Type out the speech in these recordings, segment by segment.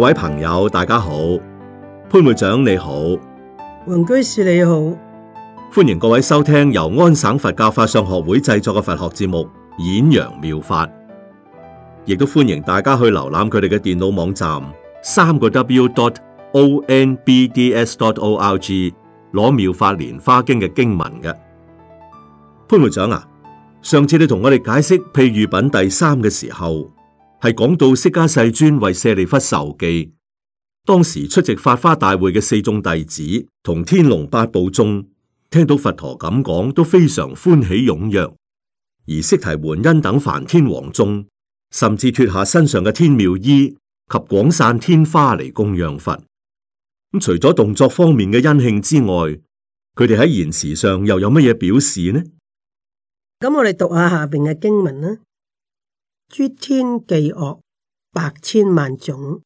各位朋友，大家好，潘會長你好，黃居士你好，歡迎各位收聽由安省佛教法相學會製作嘅佛學節目《演揚妙法》，亦都歡迎大家去瀏覽佢哋嘅電腦網站三個 W dot O N B D S dot O R G 攞妙法蓮華經嘅經文嘅。潘會長啊，上次你同我哋解釋譬喻品第三嘅時候。係講到釋迦世尊為舍利弗受記，當時出席法花大會嘅四眾弟子同天龍八部眾聽到佛陀咁講，都非常歡喜踴躍，而釋提桓因等梵天王眾甚至脫下身上嘅天妙衣及廣散天花嚟，供養佛。咁除咗動作方面嘅殷慶之外，佢哋喺言辭上又有乜嘢表示呢？咁我哋讀下下邊嘅經文啦。諸天伎樂百千萬種，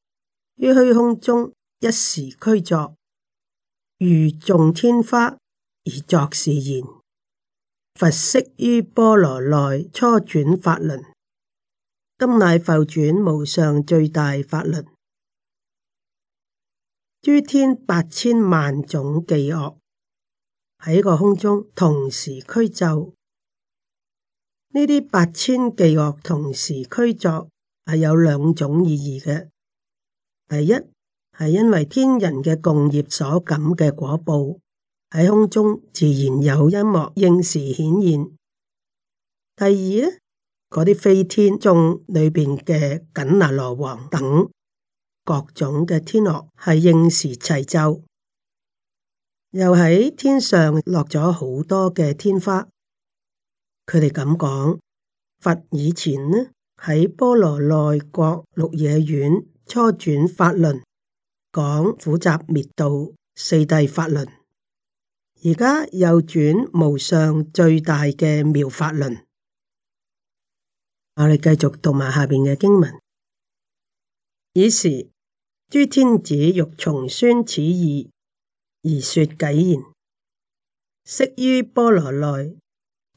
於虛空中一時俱作，雨眾天華，而作是言。佛昔於波羅奈初轉法輪，今乃復轉無上最大法輪。諸天八千萬種伎樂喺個空中同時俱作。呢啲八千伎樂同時俱作，係有兩種意義嘅。第一，係因為天人嘅共業所感嘅果報，喺空中自然有音樂應時顯現。第二咧，嗰啲飛天眾裏邊嘅緊那羅王等各種嘅天樂係應時齊奏，又喺天上落咗好多嘅天花。佢哋咁講，佛以前呢喺波羅奈國綠野苑初轉法輪，講苦集滅道四諦法輪，而家又轉無上最大嘅妙法輪。我哋繼續讀埋下邊嘅經文。以時諸天子欲從宣此義而說偈言，昔於波羅奈。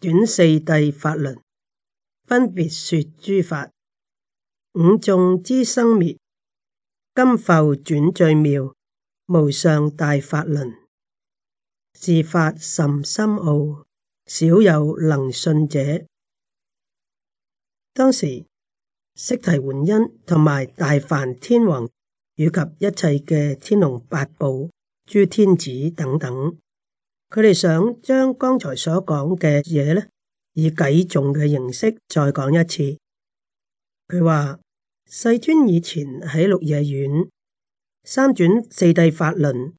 轉四諦法輪，分別說諸法，五眾之生滅，今復轉最妙無上大法輪，是法甚深奧，少有能信者。當時釋提桓因，同埋大梵天王以及一切嘅天龍八部、諸天子等等。佢哋想將剛才所講嘅嘢咧，以偈頌嘅形式再講一次。佢話世尊以前喺鹿野苑三轉四諦法輪，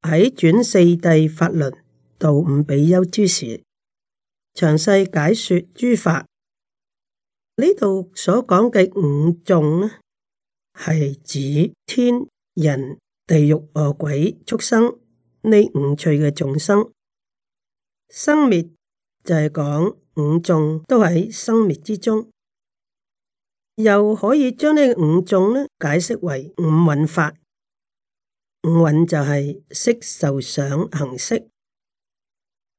喺轉四諦法輪到五比丘之時，詳細解說諸法。呢度所講嘅五眾咧，係指天人、地獄、餓鬼、畜生。呢、就是，五趣嘅眾生生滅，就係講五眾都喺生滅之中，又可以將五呢五眾呢解釋為五蘊法。五蘊就係色、受、想、行、識。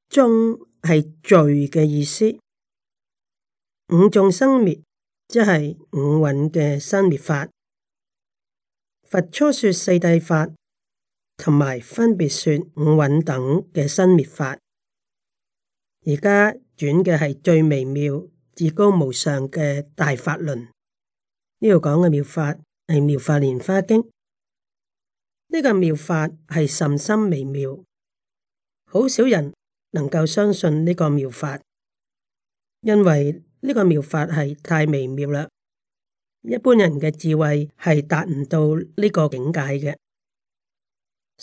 眾係聚嘅意思。五眾生滅即係五蘊嘅生滅法。佛初說四諦法。同埋，分別説五蘊等嘅生滅法，而家轉嘅係最微妙、至高無上嘅大法輪。呢度講嘅妙法係妙法蓮華經。呢、呢個妙法係甚深微妙，好少人能夠相信呢個妙法，因為呢個妙法係太微妙啦。一般人嘅智慧係達唔到呢個境界嘅。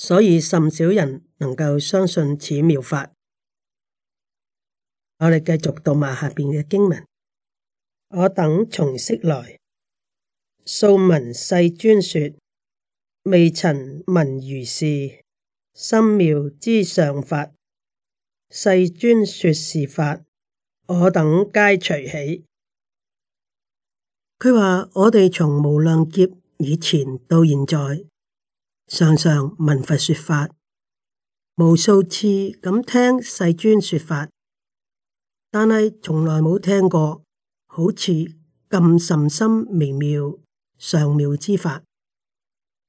所以甚少人能夠相信此妙法。我哋繼續讀埋下邊嘅經文。我等從昔來，數聞世尊說，未曾聞如是深妙之上法。世尊說是法，我等皆隨喜。佢話我哋從無量劫以前到現在。常常聞佛說法，無數次咁聽世尊說法，但係從來冇聽過好似咁甚深微妙上妙之法。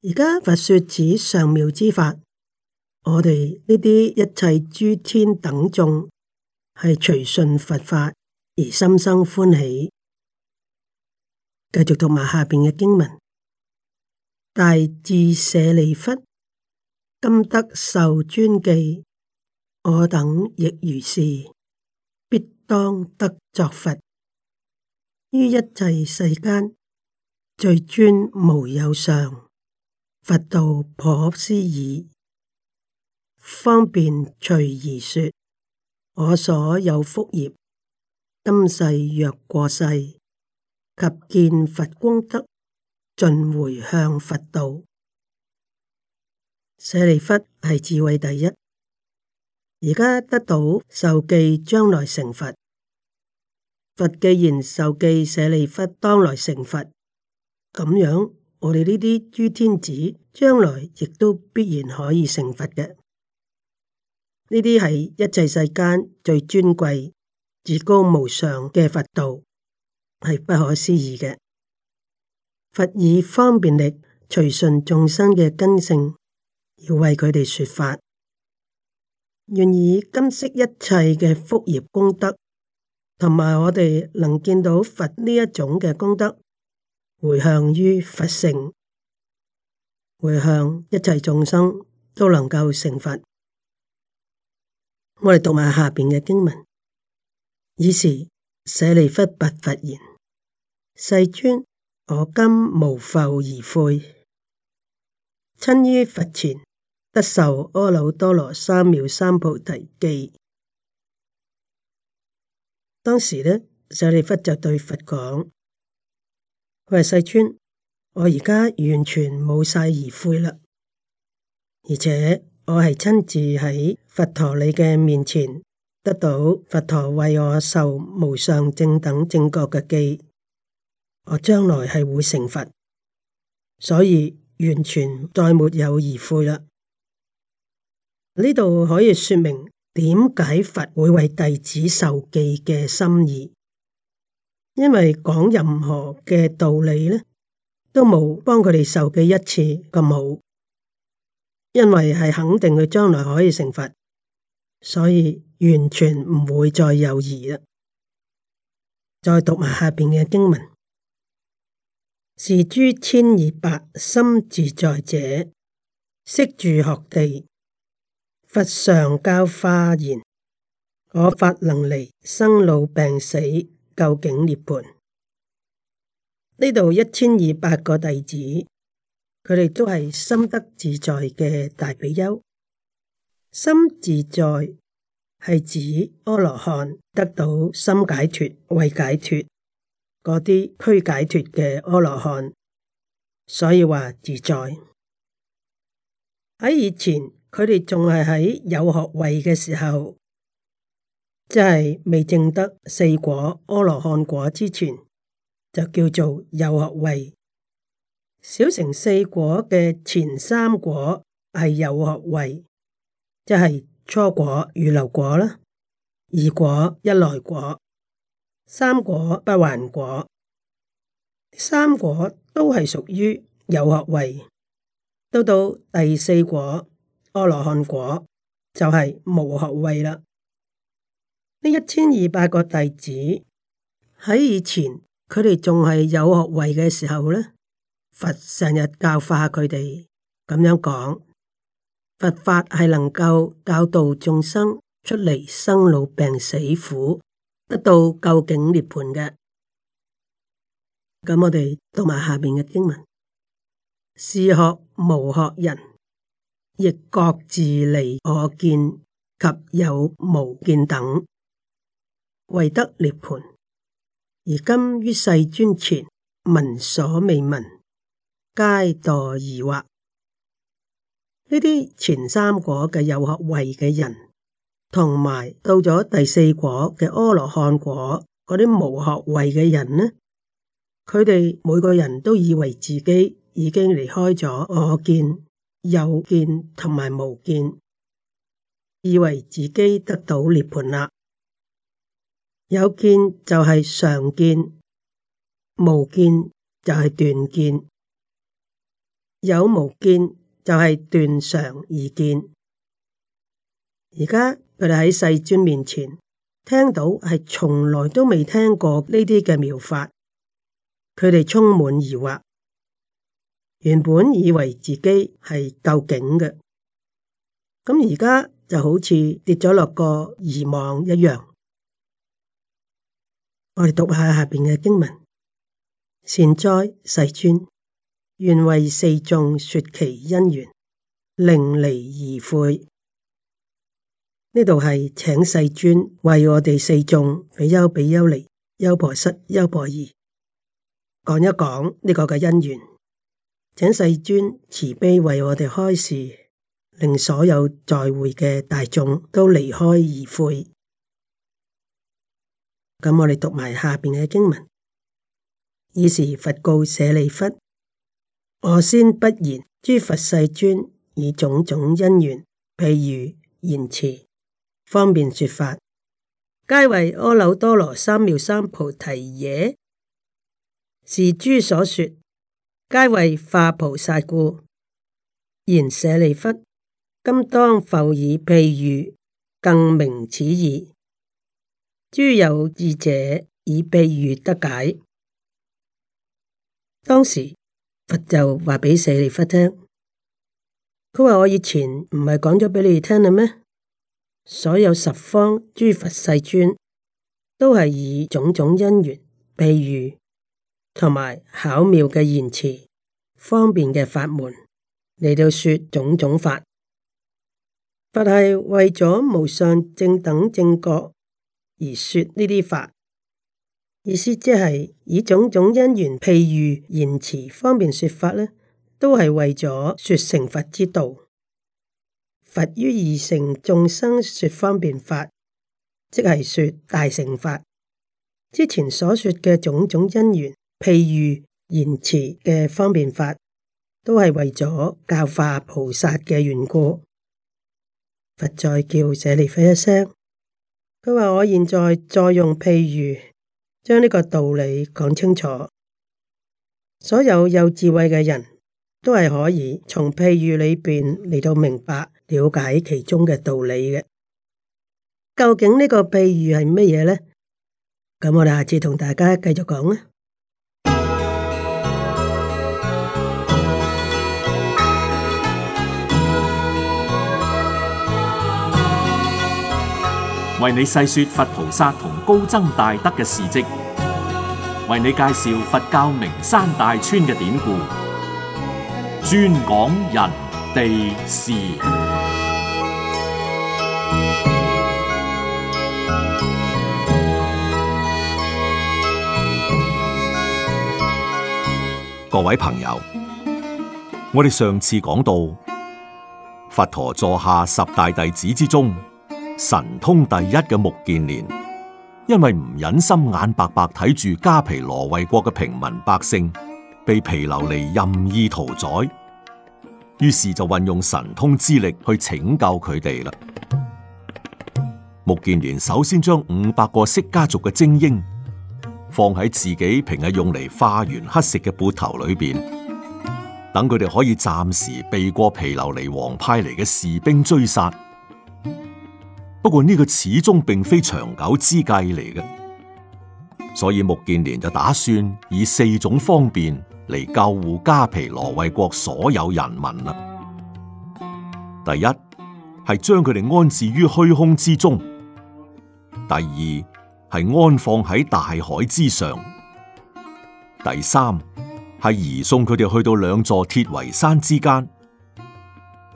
而家佛說指上妙之法，我哋呢啲一切諸天等眾係隨順佛法而心生歡喜。繼續讀埋下邊嘅經文。大智舍利弗，今得受尊記，我等亦如是，必當得作佛。於一切世間，最尊無有上，佛道叵思議，方便隨宜說。我所有福業，今世若過世，及見佛功德。盡回向佛道，舍利弗係智慧第一，而家得到受記，將來成佛。佛既然受記，舍利弗當來成佛。咁樣，我哋呢啲諸天子將來亦都必然可以成佛嘅。呢啲係一切世間最尊貴、至高無上嘅佛道，係不可思議嘅。佛以方便力隨順眾生嘅根性，要為佢哋說法，願意今昔一切嘅福業功德，同埋我哋能見到佛呢一種嘅功德，回向於佛性，回向一切眾生都能夠成佛。我哋讀埋下邊嘅經文，爾時舍利弗，白佛言：世尊。我今無復疑悔，親於佛前得受阿耨多羅三藐三菩提記。當時呢，舍利弗就對佛講：我係世尊，我而家完全冇晒疑悔啦，而且我係親自喺佛陀你嘅面前，得到佛陀為我受無上正等正覺嘅記。我將來係會成佛，所以完全再沒有疑悔啦。呢度，可以說明點解佛會為弟子受記嘅心意，因為講任何嘅道理呢，都冇幫佢哋受記一次咁好，因為係肯定佢將來可以成佛，所以完全唔會再有疑啦。再讀埋下邊嘅經文。是諸千二百心自在者，昔住學地。佛常教化言：我法能離生老病死，究竟涅槃。呢度一千二百個弟子，佢哋都係心得自在嘅大比丘。心自在係指阿羅漢得到心解脱，慧解脫。嗰啲俱解脱嘅阿羅漢，所以話自在。喺以前，佢哋仲係喺有學位嘅時候，即係未證得四果阿羅漢果之前，就叫做有學位。小乘四果嘅前三果係有學位，即係初果、預流果啦，二果、一來果。三果不還果，三果都係屬於有學位。到到第四果阿羅漢果就係無學位啦。呢一千二百個弟子喺以前佢哋仲係有學位嘅時候呢佛成日教化佢哋咁樣講，佛法係能夠教導眾生出嚟生老病死苦。得到究竟涅槃嘅，咁我哋讀埋下邊嘅經文：是學無學人，亦各自離我見及有無見等，為得涅槃，而今於世尊前聞所未聞，皆墮疑惑。呢啲前三果嘅有學位嘅人。同埋到咗第四果嘅阿羅漢果，嗰啲無學位嘅人呢？佢哋每個人都以為自己已經離開咗我見、有見同埋無見，以為自己得到涅槃啦。有見就係常見，無見就係斷見，有無見就係斷常二見。而家，佢哋喺世尊面前，聽到係從來都未聽過呢啲嘅妙法，佢哋充滿疑惑。原本以為自己係究竟嘅，咁而家就好似跌咗落個疑網一樣。我哋讀下下邊嘅經文：善哉，世尊，願為四眾說其因緣，令離疑悔。呢度係請世尊為我哋四眾比丘、比丘尼、優婆塞、優婆夷講一講呢個嘅因緣，請世尊慈悲為我哋開示，令所有在會嘅大眾都離開而悔。咁我哋讀埋下邊嘅經文。以是佛告舍利弗：我先不言。諸佛世尊以種種因緣，譬喻言辭。方便說法，皆為阿耨多羅三藐三菩提耶。是諸所說，皆為化菩薩故。然舍利弗，今當復以譬喻更明此義。諸有智者以譬喻得解。當時佛就話俾舍利弗聽，佢話我以前唔係講咗俾你哋聽啦咩？所有十方諸佛世尊，都係以種種因緣譬喻，同埋巧妙嘅言辭、方便嘅法門嚟到說種種法，佛係為咗無上正等正覺而說呢啲法，意思即係以種種因緣譬喻言辭方便說法咧，都係為咗說成佛之道。佛於二乘眾生說方便法，即係說大乘法。之前所說嘅種種因緣，譬喻言辭嘅方便法，都係為咗教化菩薩嘅緣故。佛再叫舍利弗一聲，佢話：我現在再用譬喻，將呢個道理講清楚。所有有智慧嘅人。都係可以從譬喻裏邊嚟到明白，了解其中嘅道理嘅。究竟呢個譬喻係乜嘢呢？咁我哋下次同大家繼續講啦。為你細說佛菩薩同高僧大德嘅事跡，為你介紹佛教名山大川嘅典故。專講人地事，各位朋友，我哋上次講到，佛陀座下十大弟子之中，神通第一嘅目犍連，因為唔忍心眼白白睇住迦毗羅衛國嘅平民百姓被毗琉璃任意屠宰。於是就運用神通之力去拯救佢哋啦。目犍連首先將五百個釋迦族嘅精英放喺自己平日用嚟化緣乞食嘅缽頭裏邊，等佢哋可以暫時避過毗琉璃王派嚟嘅士兵追殺。不過呢個始終並非長久之計嚟嘅，所以目犍連就打算以四種方便。嚟救護迦毗羅衛國所有人民啦！第一係將佢哋安置於虛空之中，第二係安放喺大海之上，第三係移送佢哋去到兩座鐵圍山之間，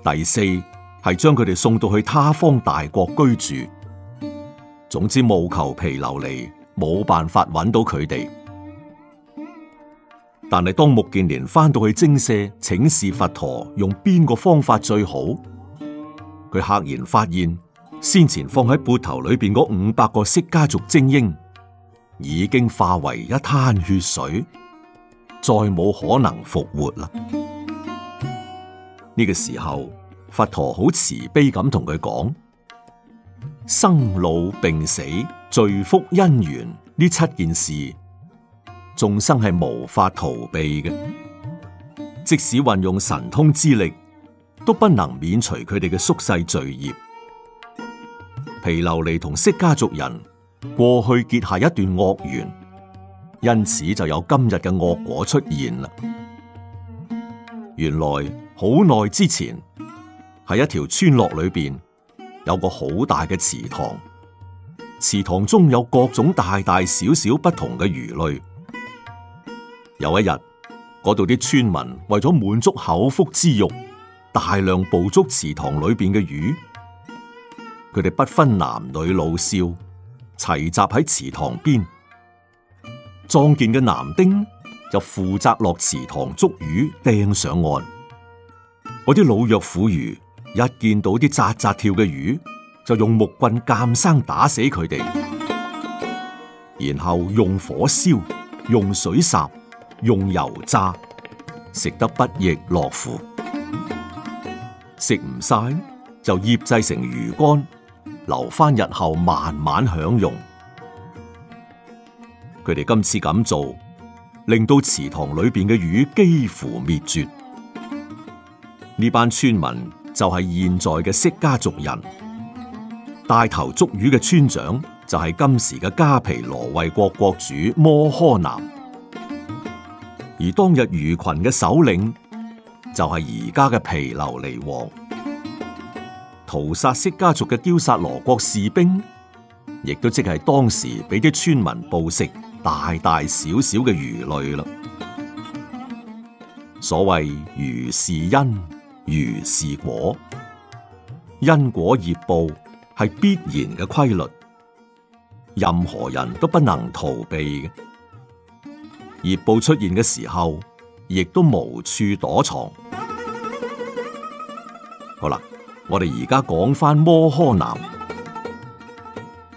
第四係將佢哋送到去他方大國居住。總之，務求毗琉璃，冇辦法揾到佢哋。但係當目犍連翻到去精舍請示佛陀，用邊個方法最好？佢愕然發現先前放喺缽頭裏邊嗰五百個釋迦族精英，已經化為一灘血水，再冇可能復活啦。呢、這個時候，佛陀好慈悲咁同佢講：生老病死、罪福因緣呢七件事。眾生係無法逃避嘅，即使運用神通之力，都不能免除佢哋嘅宿世罪孽。毗琉璃同釋迦族人過去結下一段惡緣，因此就有今日嘅惡果出現啦。原來好耐之前，喺一條村落裏邊有個好大嘅池塘，池塘中有各種大大小小不同嘅魚類。有一日，嗰度啲村民為咗滿足口腹之欲，大量捕捉池塘裏邊嘅魚。佢哋不分男女老少，齊集喺池塘邊。壯健嘅男丁就負責落池塘捉魚，掟上岸。嗰啲老弱婦孺一見到啲扎扎跳嘅魚，就用木棍監生打死佢哋，然後用火燒，用水殺。用油炸，食得不亦樂乎。食唔晒就醃製成魚乾，留翻日後慢慢享用。佢哋今次咁做，令到池塘裏邊嘅魚幾乎滅絕。呢班村民就係現在嘅釋迦族人，帶頭捉魚嘅村長就係今時嘅迦毗羅衛國國主摩訶男。而當日魚群嘅首領，就係而家嘅毗琉璃王。屠殺釋迦族嘅憍薩羅國士兵，亦都即係當時俾啲村民捕食大大小小嘅魚類啦。所謂如是因，如是果，因果業報係必然嘅規律，任何人都不能逃避嘅。熱報出現嘅時候，亦都無處躲藏。好啦，我哋而家講翻摩訶男。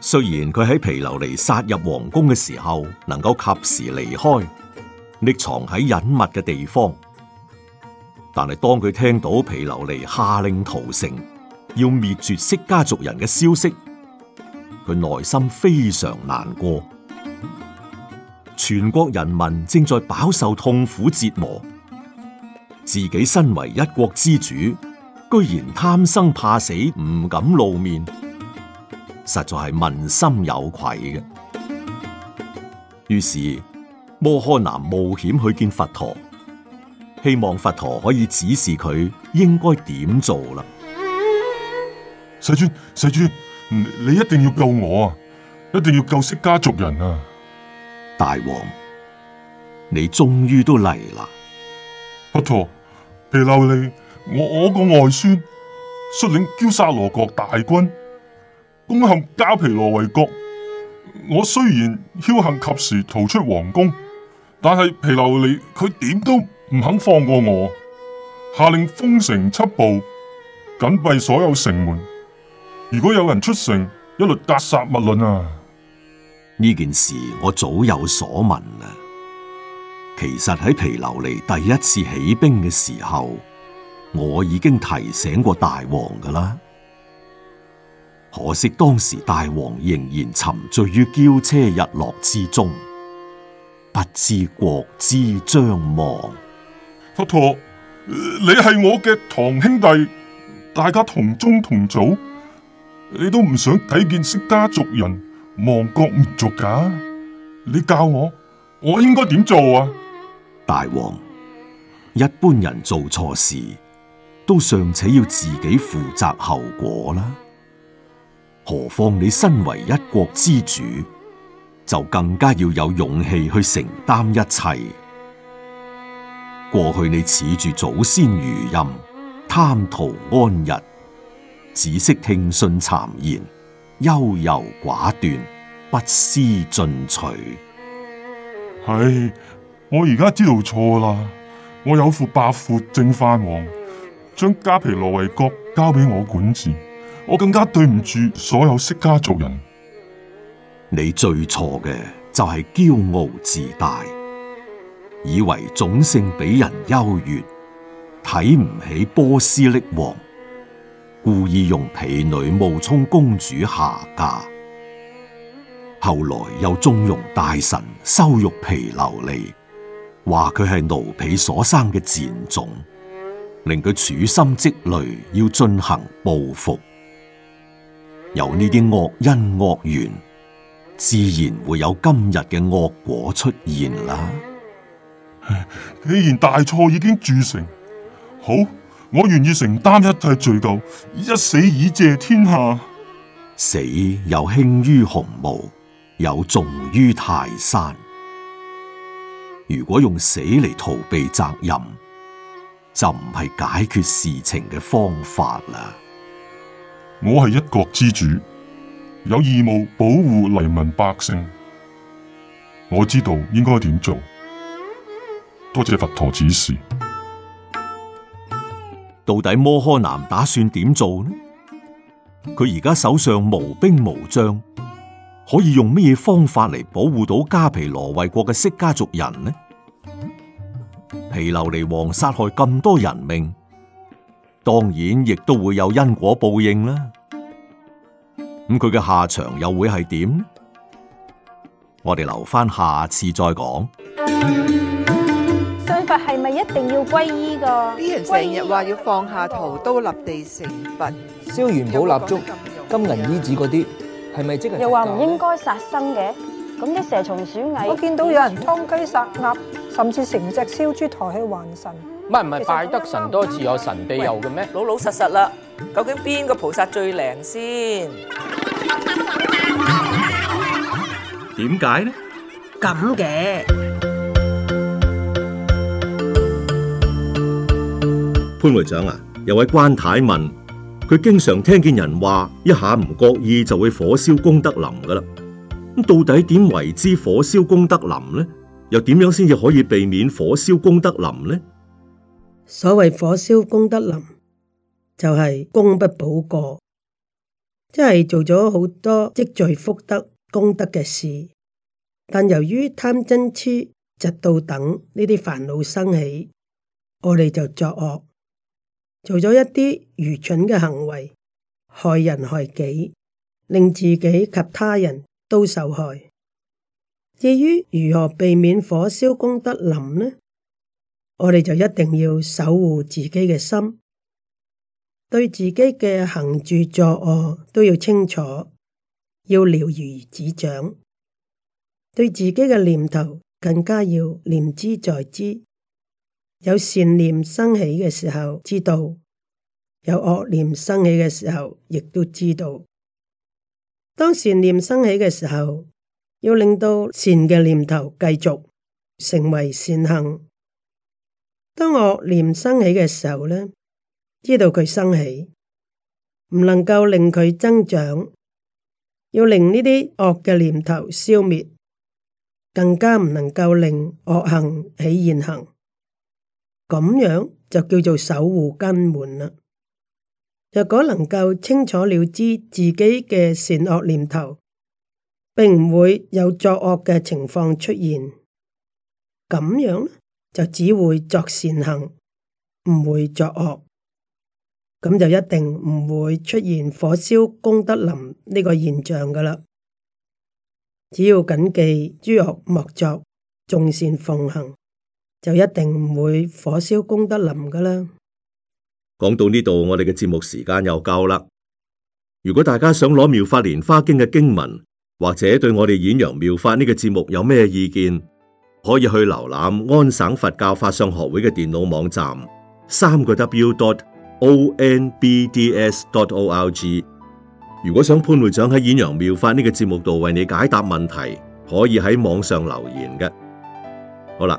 雖然佢喺毗琉璃殺入皇宮嘅時候，能夠及時離開，匿藏喺隱密嘅地方，但係當佢聽到毗琉璃下令屠城，要滅絕釋迦族人嘅消息，佢內心非常難過。全國人民正在飽受痛苦折磨，自己身為一國之主，居然貪生怕死，唔敢露面，實在係問心有愧嘅。於是摩訶男冒險去見佛陀，希望佛陀可以指示佢應該點做啦。世尊，世尊，你一定要救我啊！一定要救釋迦族人啊！大王，你終於都嚟啦！佛陀，毗琉璃，我我個外孫率領憍薩羅國大軍攻陷迦毗羅衛國。我雖然僥倖及時逃出皇宮，但係毗琉璃佢點都唔肯放過我，下令封城七步，緊閉所有城門。如果有人出城，一律格殺勿論啊！呢件事我早有所聞啦。其實喺毗琉璃第一次起兵嘅時候，我已經提醒過大王㗎喇。可惜當時大王仍然沉醉於驕車日落之中，不知國之將亡。佛陀，陀，你係我嘅堂兄弟，大家同宗同祖，你都唔想睇見釋迦族人。亡國滅族噶，你教我，我應該點做啊？大王，一般人做錯事都尚且要自己負責後果啦，何況你身為一國之主，就更加要有勇氣去承擔一切。過去你恃住祖先餘蔭，貪圖安逸，只識聽信讒言。優柔寡斷，不思進取。係我而家知道錯啦！我有負白闊正飯王，將迦毗羅衛國交俾我管治，我更加對唔住所有釋迦族人。你最錯嘅就係驕傲自大，以為種姓比人優越，睇唔起波斯匿王。故意用婢女冒充公主下嫁，後來又縱容大臣羞辱毗琉璃，話佢係奴婢所生嘅賤種，令佢處心積慮要進行報復。由呢啲惡因惡緣，自然會有今日嘅惡果出現啦。既然大錯已經鑄成，好。我願意承擔一切罪疚，一死以謝天下。死又輕於鴻毛，有重於泰山。如果用死嚟逃避責任，就唔係解決事情嘅方法啦。我係一國之主，有義務保護黎民百姓。我知道應該點做，多謝佛陀指示。到底摩訶男打算點做呢？佢而家手上無兵無將，可以用咩方法嚟保護到迦毗羅衛國嘅釋迦族人呢？毗琉璃王殺害咁多人命，當然亦都會有因果報應啦。咁佢嘅下場又會係點？我哋留翻下，下次再講。係咪一定要皈依噶？啲人成日話要放下屠刀立地成佛，燒元寶蠟燭、金銀衣子嗰啲，係咪即係？又話唔應該殺生嘅，咁啲蛇蟲鼠蟻，我見到有人劏雞殺鴨，甚至成隻燒豬抬去還神。唔係，唔係，拜得神多自有神庇佑嘅咩？老老實實啦，究竟邊個菩薩最靈先？點解呢？咁嘅。潘會長啊，有位關太問，佢經常聽見人話，一下唔覺意就會火燒功德林噶啦。到底點為之火燒功德林呢？又點樣先至可以避免火燒功德林呢？所謂火燒功德林，就係、是、功不補過，即係做咗好多積聚福德功德嘅事，但由於貪嗔、痴、嫉妒等呢啲煩惱生起，我哋就作惡。做咗一啲愚蠢嘅行為，害人害己，令自己及他人都受害。至於如何避免火燒功德林呢？我哋就一定要守護自己嘅心，對自己嘅行住作惡都要清楚，要了如指掌，對自己嘅念頭更加要念茲在茲。有善念生起嘅時候知道，有惡念生起嘅時候，亦都知道。當善念生起嘅時候，要令到善嘅念頭繼續成為善行；當惡念生起嘅時候咧，知道佢生起，唔能夠令佢增長，要令呢啲惡嘅念頭消滅，更加唔能夠令惡行起現行。咁樣就叫做守護根門啦。若果能夠清楚了知自己嘅善惡念頭，並唔會有作惡嘅情況出現，咁樣就只會作善行，唔會作惡，咁就一定唔會出現火燒功德林呢個現象噶啦。只要謹記諸惡莫作，眾善奉行。就一定唔會火燒功德林噶啦。講到呢度，我哋嘅節目時間又夠啦。如果大家想攞《妙法蓮花經》嘅經文，或者對我哋演揚妙法呢個節目有咩意見，可以去瀏覽安省佛教法相學會嘅電腦網站，三個 W dot O N B D S dot O R G。如果想潘會長喺演揚妙法呢個節目度為你解答問題，可以喺網上留言嘅。好啦。